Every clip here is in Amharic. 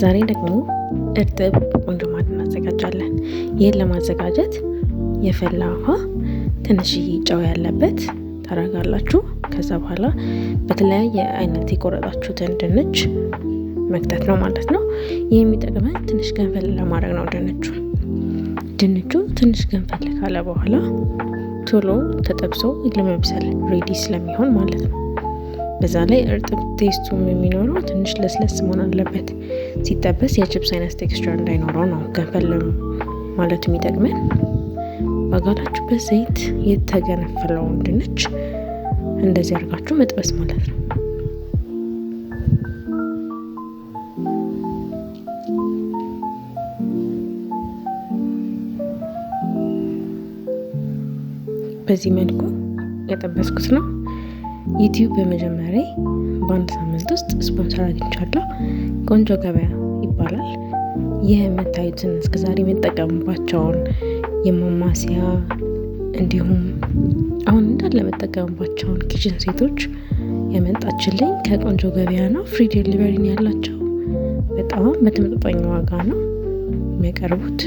ዛሬ ደግሞ እርጥብ ቆንጆ ማዕድ እናዘጋጃለን። ይህን ለማዘጋጀት የፈላ ውሃ፣ ትንሽዬ ጨው ያለበት ታደርጋላችሁ ከዛ በኋላ በተለያየ አይነት የቆረጣችሁትን ድንች መክተት ነው ማለት ነው። ይህ የሚጠቅመን ትንሽ ገንፈል ለማድረግ ነው ድንቹ ድንቹ ትንሽ ገንፈል ካለ በኋላ ቶሎ ተጠብሶ ለመብሰል ሬዲ ስለሚሆን ማለት ነው። በዛ ላይ እርጥብ ቴስቱም የሚኖረው ትንሽ ለስለስ መሆን አለበት። ሲጠበስ የችፕስ አይነት ቴክስቸር እንዳይኖረው ነው ገንፈል ማለት የሚጠቅመን። በጋላችሁ በዘይት የተገነፈለውን ድንች እንደዚህ አድርጋችሁ መጥበስ ማለት ነው። በዚህ መልኩ የጠበስኩት ነው። ዩቲዩብ በመጀመሪያ በአንድ ሳምንት ውስጥ ስፖንሰር አግኝቻለሁ። ቆንጆ ገበያ ይባላል። ይህ የምታዩትን እስከዛሬ የምጠቀምባቸውን የማማሲያ እንዲሁም አሁን እንዳለ የምጠቀምባቸውን ኪችን ሴቶች ያመጣችልኝ ከቆንጆ ገበያ ነው። ፍሪ ዴሊቨሪን ያላቸው በጣም በተመጣጣኝ ዋጋ ነው የሚያቀርቡት።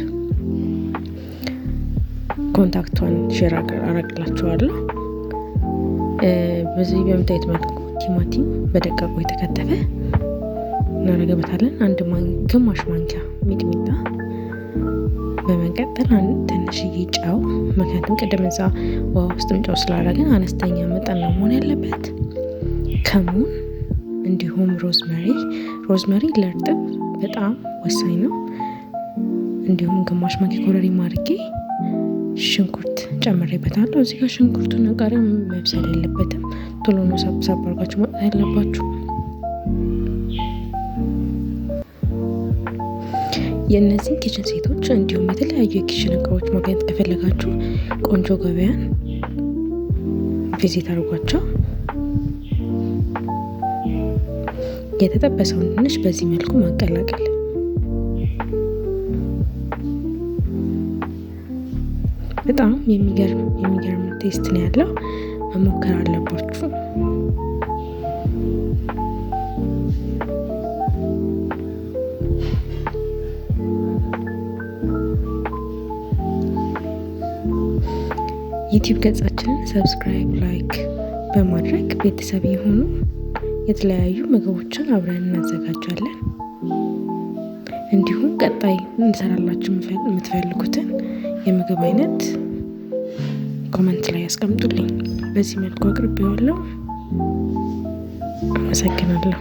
ኮንታክቷን ሼር አረግላችኋለሁ። በዚህ በምታዩት መልኩ ቲማቲም በደቃቁ የተከተፈ እናደርግበታለን። አንድ ግማሽ ማንኪያ ሚጥሚጣ፣ በመቀጠል ትንሽዬ ጨው። ምክንያቱም ቅድም እዛ ውሃ ውስጥም ጨው ስላደረግን አነስተኛ መጠን ነው መሆን ያለበት። ከሙን እንዲሁም ሮዝመሪ። ሮዝመሪ ለእርጥብ በጣም ወሳኝ ነው። እንዲሁም ግማሽ ማንኪያ ኮረሪማ አድርጌ ሽንኩርት ጨምሬበታለሁ። እዚህ ጋር ሽንኩርቱና ቃሪያ መብሰል የለበትም። ቶሎ ነው ሳብሳብ አድርጋችሁ ማውጣት ያለባችሁ። የእነዚህን ኪችን ሴቶች እንዲሁም የተለያዩ የኪችን እቃዎች ማግኘት ከፈለጋችሁ ቆንጆ ገበያን ቪዚት አድርጓቸው። የተጠበሰውን ድንች በዚህ መልኩ ማቀላቀል በጣም የሚገርም የሚገርም ቴስት ነው ያለው። መሞከር አለባችሁ። ዩቲዩብ ገጻችንን ሰብስክራይብ፣ ላይክ በማድረግ ቤተሰብ የሆኑ የተለያዩ ምግቦችን አብረን እናዘጋጃለን። እንዲሁም ቀጣይ እንሰራላችሁ የምትፈልጉትን የምግብ አይነት ኮመንት ላይ ያስቀምጡልኝ። በዚህ መልኩ አቅርብ አቅርቤዋለሁ። አመሰግናለሁ።